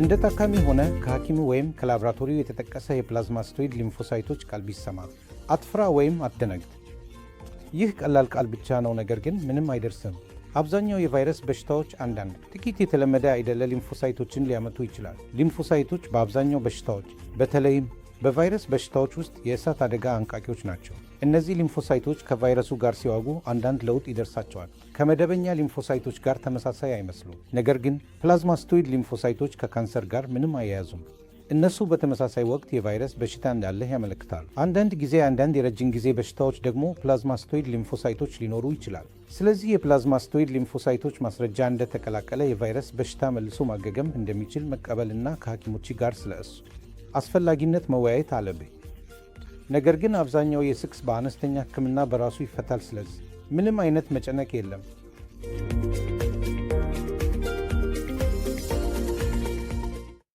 እንደ ታካሚ ሆነ ከሐኪሙ ወይም ከላብራቶሪው የተጠቀሰ የፕላዝማስቶይድ ሊምፎሳይቶች ቃል ቢሰማ አትፍራ ወይም አትደነግጥ። ይህ ቀላል ቃል ብቻ ነው፣ ነገር ግን ምንም አይደርስም። አብዛኛው የቫይረስ በሽታዎች አንዳንድ ጥቂት የተለመደ አይደለ ሊምፎሳይቶችን ሊያመቱ ይችላል። ሊምፎሳይቶች በአብዛኛው በሽታዎች በተለይም በቫይረስ በሽታዎች ውስጥ የእሳት አደጋ አንቃቂዎች ናቸው። እነዚህ ሊምፎሳይቶች ከቫይረሱ ጋር ሲዋጉ አንዳንድ ለውጥ ይደርሳቸዋል። ከመደበኛ ሊምፎሳይቶች ጋር ተመሳሳይ አይመስሉም። ነገር ግን ፕላዝማስቶይድ ሊምፎሳይቶች ከካንሰር ጋር ምንም አያያዙም። እነሱ በተመሳሳይ ወቅት የቫይረስ በሽታ እንዳለህ ያመለክታሉ። አንዳንድ ጊዜ አንዳንድ የረጅም ጊዜ በሽታዎች ደግሞ ፕላዝማስቶይድ ሊምፎሳይቶች ሊኖሩ ይችላል። ስለዚህ የፕላዝማስቶይድ ሊምፎሳይቶች ማስረጃ እንደተቀላቀለ የቫይረስ በሽታ መልሶ ማገገም እንደሚችል መቀበልና ከሐኪሞች ጋር ስለ እሱ አስፈላጊነት መወያየት አለብኝ። ነገር ግን አብዛኛው የስክስ በአነስተኛ ሕክምና በራሱ ይፈታል። ስለዚህ ምንም አይነት መጨነቅ የለም።